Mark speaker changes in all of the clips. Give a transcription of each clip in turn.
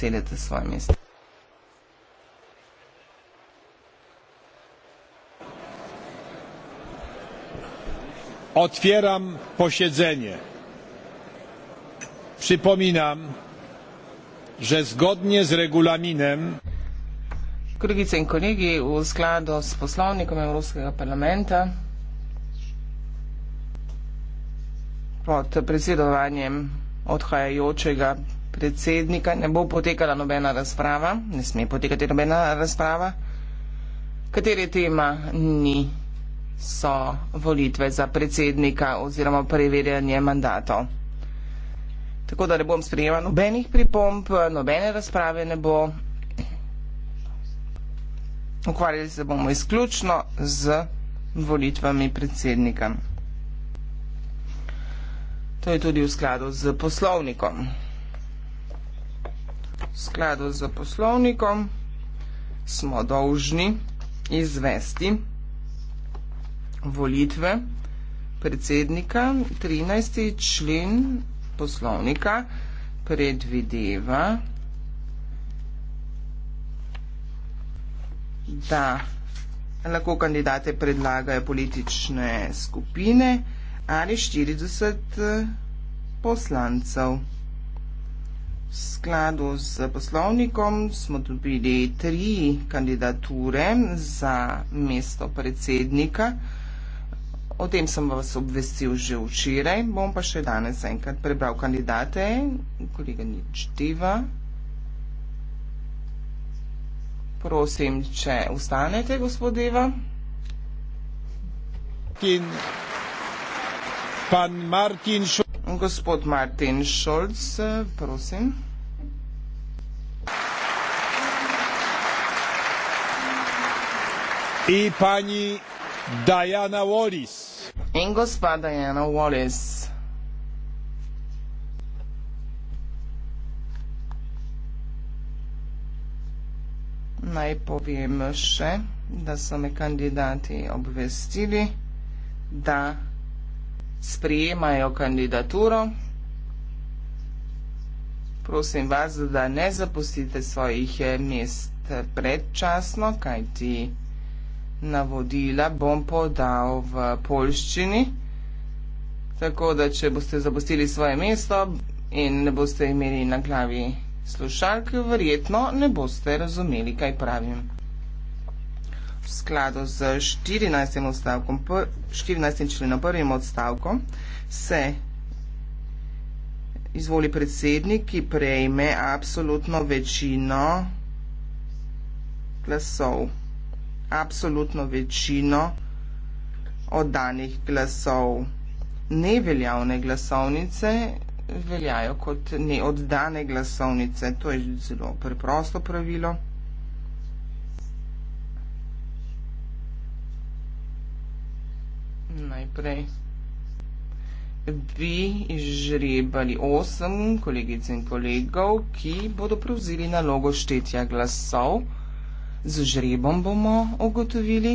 Speaker 1: zasedete svoje mesto. Otwieram posiedzenie. Przypominam, że zgodnie z regulaminem. Kolegice i kolegi, w skladu z posłownikiem Europejskiego Parlamentu pod przewodnictwem odchodzącego predsednika ne bo potekala nobena razprava, ne sme potekati nobena razprava, katere tema ni so volitve za predsednika oziroma preverjanje mandatov. Tako da ne bom sprejela nobenih pripomb, nobene razprave ne bo. Ukvarjali se bomo izključno z volitvami predsednika. To je tudi v skladu z poslovnikom skladu z poslovnikom smo dolžni izvesti volitve predsednika. 13. člen poslovnika predvideva, da lahko kandidate predlagajo politične skupine ali 40 poslancev. V skladu z poslovnikom smo dobili tri kandidature za mesto predsednika. O tem sem vas obvestil že včeraj, bom pa še danes enkrat prebral kandidate. Kolega nič diva. Prosim, če ustanete, gospod Deva. In pan Martin Šo. Gospod Martin Šolc, prosim. I pani Diana Wallis. In gospa Diana Wallis. Naj povem še, da so me kandidati obvestili, da sprejemajo kandidaturo. Prosim vas, da ne zapustite svojih eh, mest predčasno, kajti navodila bom podal v polščini. Tako da, če boste zapustili svoje mesto in ne boste imeli na glavi slušalke, verjetno ne boste razumeli, kaj pravim v skladu z 14. odstavkom, 14. členom, prvim odstavkom, se izvoli predsednik, ki prejme absolutno večino glasov. Absolutno večino oddanih glasov. Neveljavne glasovnice veljajo kot neoddane glasovnice. To je zelo preprosto pravilo. naprej. Bi žrebali osem kolegic in kolegov, ki bodo prevzeli nalogo štetja glasov. Z žrebom bomo ugotovili,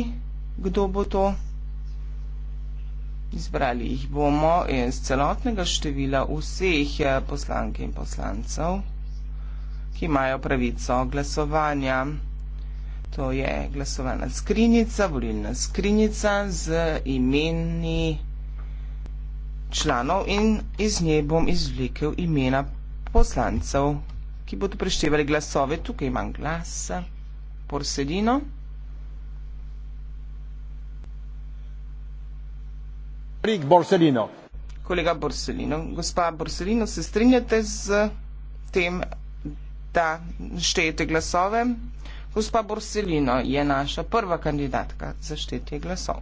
Speaker 1: kdo bo to. Izbrali jih bomo iz celotnega števila vseh eh, poslank in poslancev, ki imajo pravico glasovanja. To je glasovalna skrinjica, volilna skrinjica z imeni članov in iz nje bom izvlekel imena poslancev, ki bodo preštevali glasove. Tukaj imam glas, porsedino. Borselino. Kolega Borselino, gospa Borselino, se strinjate z tem, da štejete glasove? Gospa Borselino je naša prva kandidatka za štetje glasov.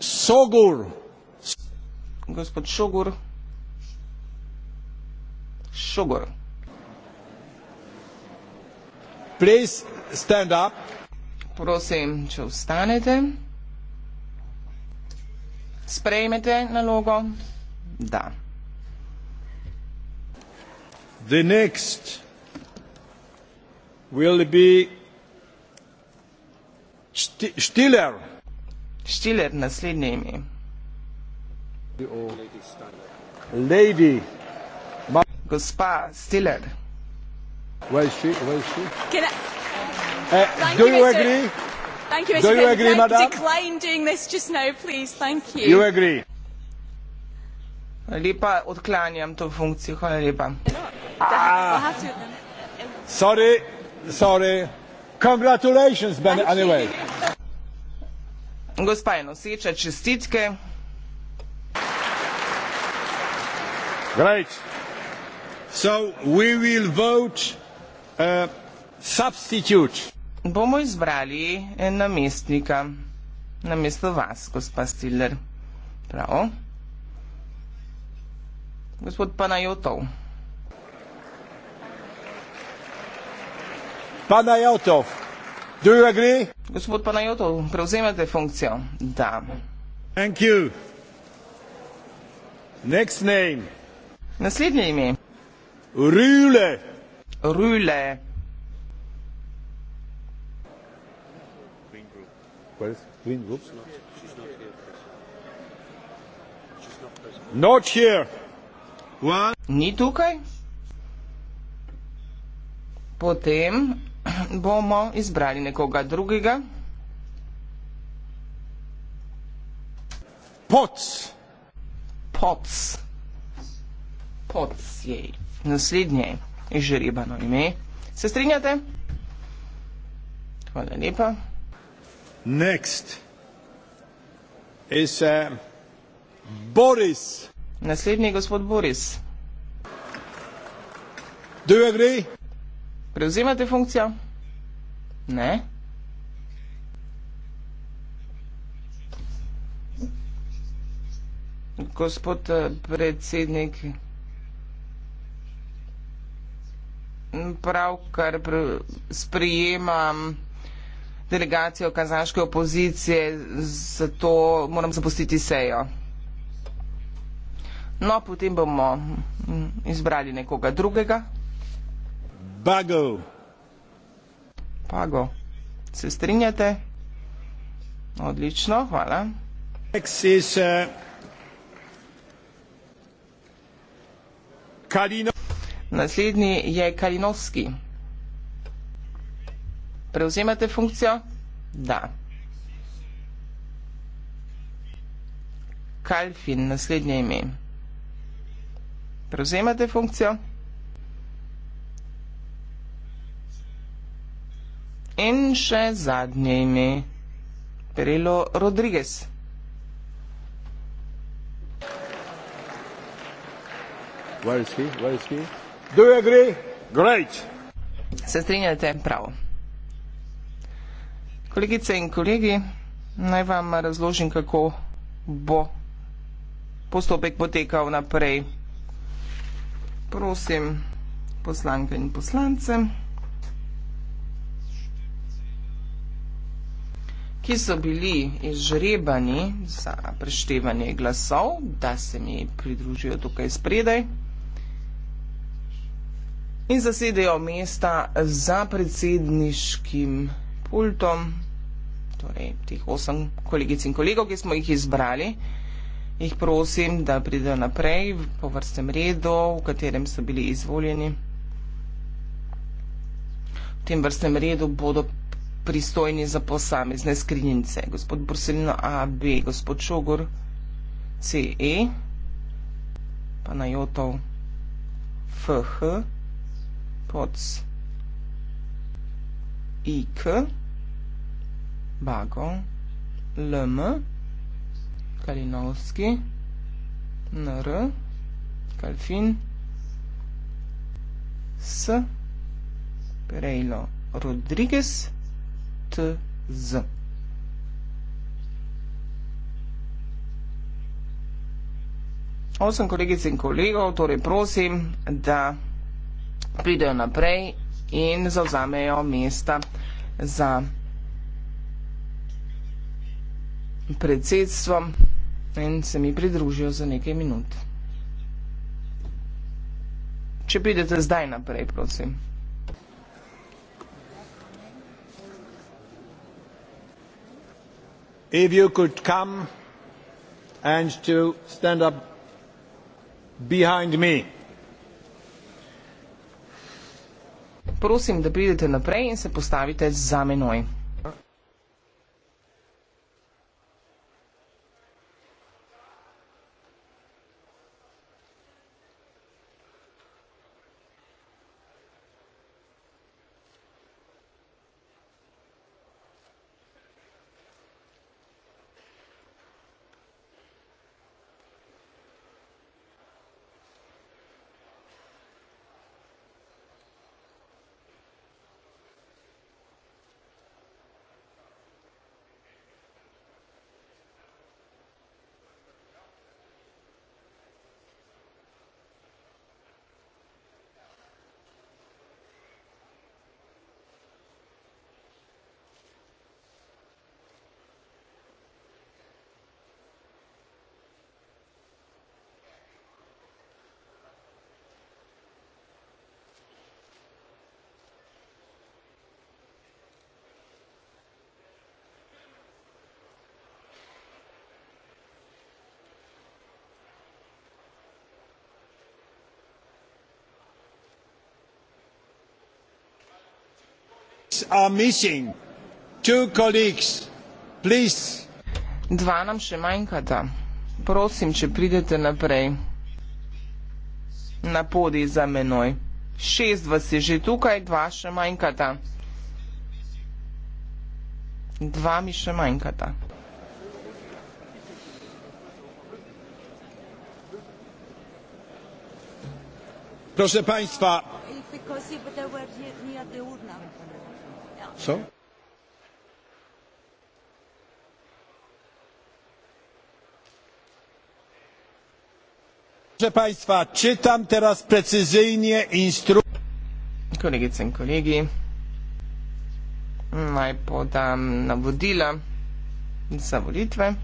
Speaker 1: Sogur. Gospod Šogur. Šogur. Please stand up. Prosim, če vstanete. Sprejmete nalogo? Da the next will be Stiller. Stiller, naslednje ime. Lady. Gospa Stiller. Where is she? Where is she? Can I... uh, Thank do you, you agree? Thank you, Mr. Do you agree, Madam? Decline doing this just now, please. Thank you. You agree. Lepa, odklanjam to funkcijo, hvala lepa. Ah, sorry, sorry. Congratulations, Ben, anyway. Gospa je noseča, čestitke. Great. So, we will vote a uh, substitute. Bomo izbrali eh, namestnika. Namesto vas, gospa Stiller. Bravo gospod Panajotov. Panajotov, do you agree? Gospod Panajotov, prevzemate funkcijo. Da. Thank you. Next name. Naslednje ime. Rule. Rule. Green group. Where is green group? She's not here. She's not present. Not here. Ni tukaj? Potem bomo izbrali nekoga drugega. Poc. Poc. Poc je naslednje žrebano ime. Se strinjate? Hvala lepa. Next is uh, Boris. Naslednji je gospod Boris. Do you agree? Prevzemate funkcijo? Ne. Gospod eh, predsednik, pravkar sprijemam delegacijo kazaške opozicije, zato moram zapustiti sejo. No, potem bomo mm, izbrali nekoga drugega. Bago. Pago. Se strinjate? Odlično, hvala. Is, uh, Naslednji je Kalinovski. Prevzemate funkcijo? Da. Kalfin, naslednje ime prevzemate funkcijo in še zadnje ime Perelo Rodriguez. Where is he? Where is he? Do you agree? Great. Se strinjate prav. Kolegice in kolegi, naj vam razložim, kako bo postopek potekal naprej prosim poslanke in poslance, ki so bili izžrebani za preštevanje glasov, da se mi pridružijo tukaj spredaj in zasedejo mesta za predsedniškim pultom, torej tih osem kolegic in kolegov, ki smo jih izbrali jih prosim, da pridejo naprej po vrstem redu, v katerem so bili izvoljeni. V tem vrstnem redu bodo pristojni za posamezne skrinjice. Gospod Borselino A, B, gospod Šogor C, E, pa na Jotov F, H, Poc, I, K, Bago, L, M, K, Kalinowski, Nr, Kalfin, S, Pereilo, Rodriguez, T, Z. Osem kolegic in kolegov, torej prosim, da pridejo naprej in zauzamejo mesta za predsedstvom in se mi pridružijo za nekaj minut. Če pridete zdaj naprej, prosim. If you could come and to stand up behind me. Prosim, da pridete naprej in se postavite za menoj. are missing. Two colleagues, please. Dva nam še manjkata. Prosim, če pridete naprej na podi za menoj. Šest vas je že tukaj, dva še manjkata. Dva mi še manjkata. Proszę Państwa. Because you, but they were near, near the urna. So. Proszę Państwa, czytam teraz precyzyjnie instrukcję. Kolegi, cen kolegi. Naj podam nawodila za volitve.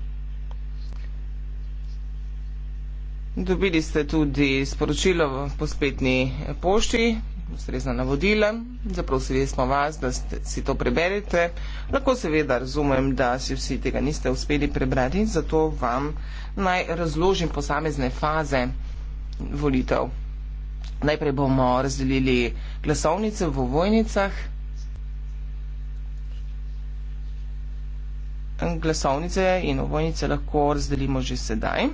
Speaker 1: Dobili ste tudi sporočilo po spetni pošti, ustrezna navodila. Zaprosili smo vas, da ste, si to preberete. Lahko seveda razumem, da si vsi tega niste uspeli prebrati, zato vam naj razložim posamezne faze volitev. Najprej bomo razdelili glasovnice v vojnicah. Glasovnice in vojnice lahko razdelimo že sedaj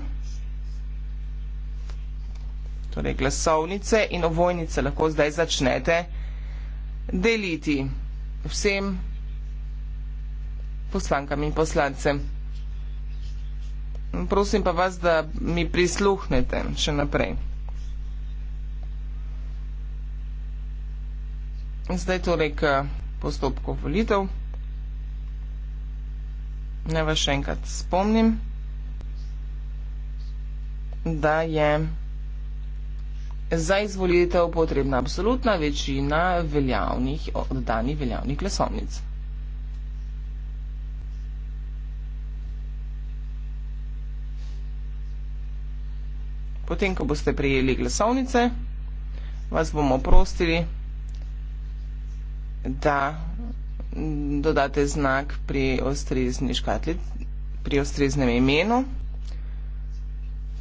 Speaker 1: torej glasovnice in ovojnice lahko zdaj začnete deliti vsem poslankam in poslancem. Prosim pa vas, da mi prisluhnete še naprej. Zdaj torej k postopku volitev. Naj vas še enkrat spomnim, da je za izvolitev potrebna absolutna večina veljavnih, oddanih veljavnih glasovnic. Potem, ko boste prijeli glasovnice, vas bomo prostili, da dodate znak pri ostrezni škatli, pri ostreznem imenu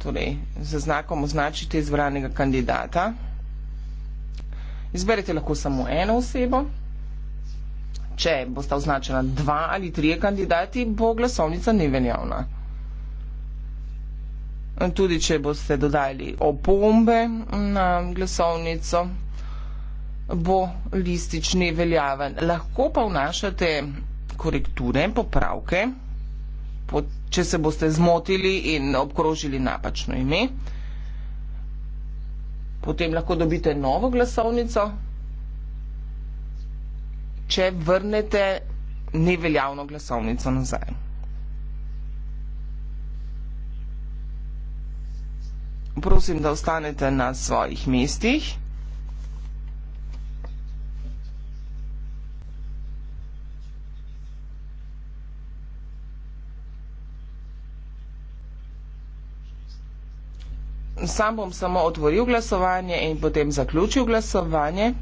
Speaker 1: torej z znakom označite izbranega kandidata. Izberete lahko samo eno osebo. Če bosta označena dva ali trije kandidati, bo glasovnica neveljavna. Tudi, če boste dodali opombe na glasovnico, bo listič neveljaven. Lahko pa vnašate korekture, popravke, popravke, če se boste zmotili in obkrožili napačno ime, potem lahko dobite novo glasovnico, če vrnete neveljavno glasovnico nazaj. Prosim, da ostanete na svojih mestih. sam bom samo otvoril glasovanje in potem zaključil glasovanje.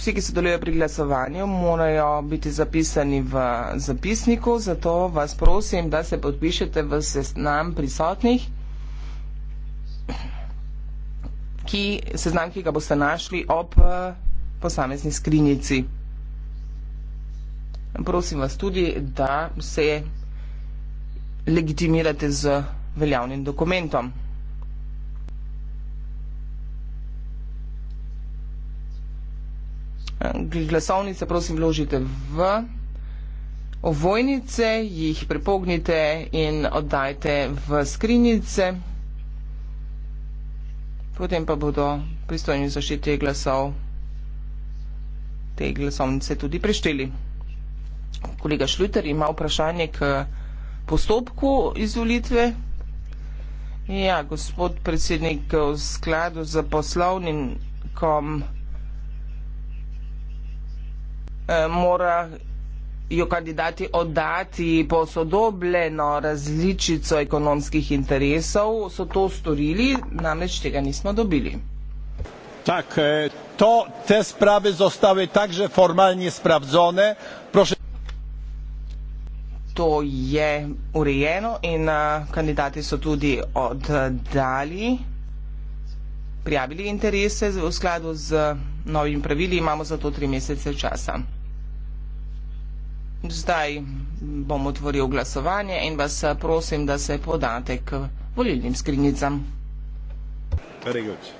Speaker 1: Vsi, ki sodelujejo pri glasovanju, morajo biti zapisani v zapisniku, zato vas prosim, da se podpišete v seznam prisotnih, ki, seznam, ki ga boste našli ob eh, posamezni skrinjici. Prosim vas tudi, da se podpišete legitimirate z veljavnim dokumentom. Glasovnice prosim vložite v ovojnice, jih prepognite in oddajte v skrinjice. Potem pa bodo pristojni zaščiti glasov te glasovnice tudi prešteli. Kolega Šluter ima vprašanje k postopku izvolitve. Ja, gospod predsednik, v skladu z poslovnikom eh, mora jo kandidati oddati posodobljeno različico ekonomskih interesov. So to storili, namreč tega nismo dobili. Tak, eh, to te sprave zostave takže formalnje spravzone. Proši to je urejeno in uh, kandidati so tudi oddali, prijavili interese v skladu z novimi pravili, imamo za to tri mesece časa. Zdaj bom otvoril glasovanje in vas prosim, da se podate k volilnim skrinicam. Very good.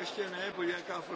Speaker 1: ještě ne, podívej, jaká frontička.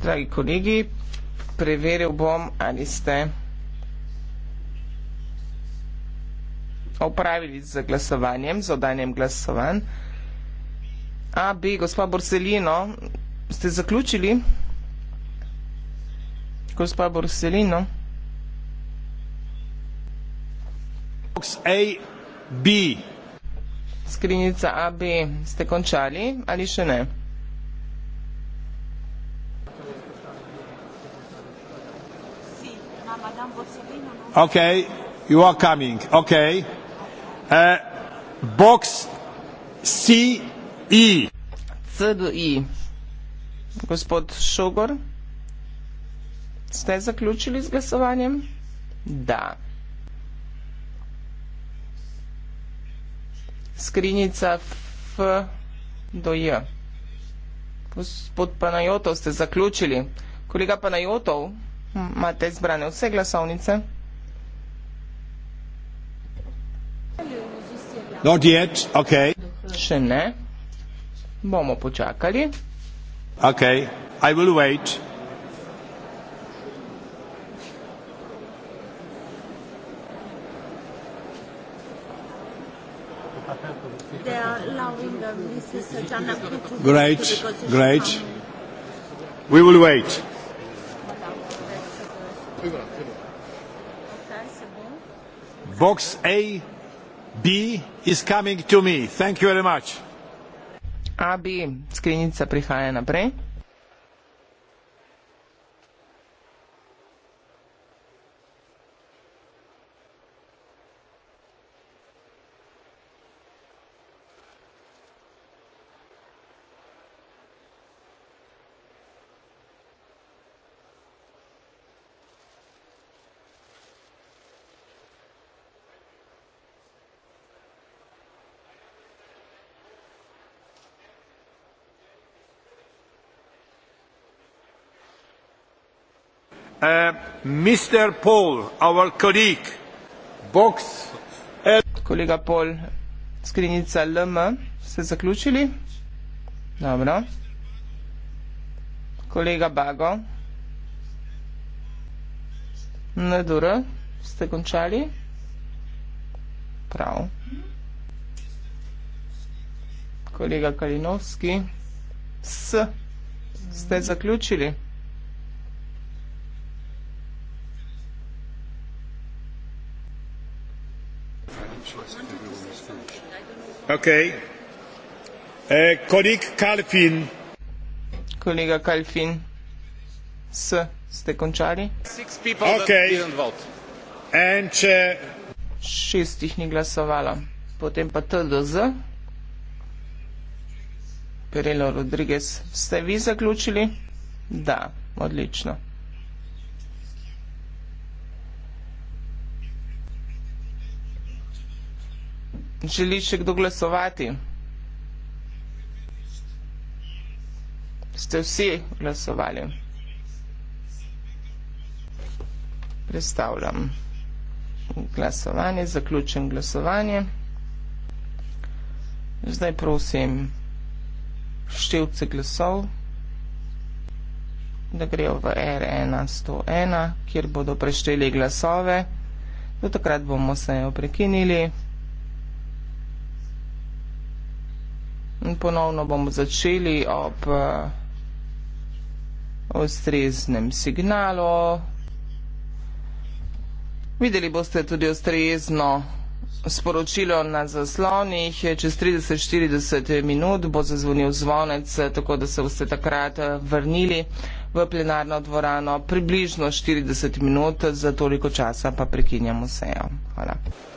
Speaker 1: Dragi kolegi, preveril bom, ali ste opravili z glasovanjem, z odanjem glasovanj. A, B, gospod Borselino, ste zaključili? Gospod Borselino? A, B, gospod Borselino? skrinjica AB ste končali ali še ne? Ok, you are coming, ok. Uh, box C, E. C do I. Gospod Šogor, ste zaključili z glasovanjem? Da. Da. skrinjica F do J. Gospod Panajotov, ste zaključili? Kolega Panajotov, imate izbrane vse glasovnice? Not yet. Okay. Še ne. Bomo počakali. Okay. I will wait. Great, great. We will wait. Box A, B is coming to me. Thank you very much. A, B, skrinjica prihaja naprej. Uh, mr paul our colleague box kolega paul skrinjica lm ste zaključili dobro kolega bago nedur ste končali prav kolega kalinovski s ste zaključili Okay. Uh, colleague Calfin. Kolega Calfin. S, ste končali? Six people okay. that didn't vote. And če... Šest jih ni glasovalo. Potem pa TDZ. Perelo Rodriguez, ste vi zaključili? Da, odlično. Želi še kdo glasovati? Ste vsi glasovali? Predstavljam glasovanje, zaključen glasovanje. Zdaj prosim števce glasov, da grejo v R1101, kjer bodo prešteli glasove. Do takrat bomo se prekinili. ponovno bomo začeli ob eh, ustreznem signalu. Videli boste tudi ustrezno sporočilo na zaslonih. Čez 30-40 minut bo zazvonil zvonec, tako da se boste takrat eh, vrnili v plenarno dvorano. Približno 40 minut, za toliko časa pa prekinjamo sejo. Hvala.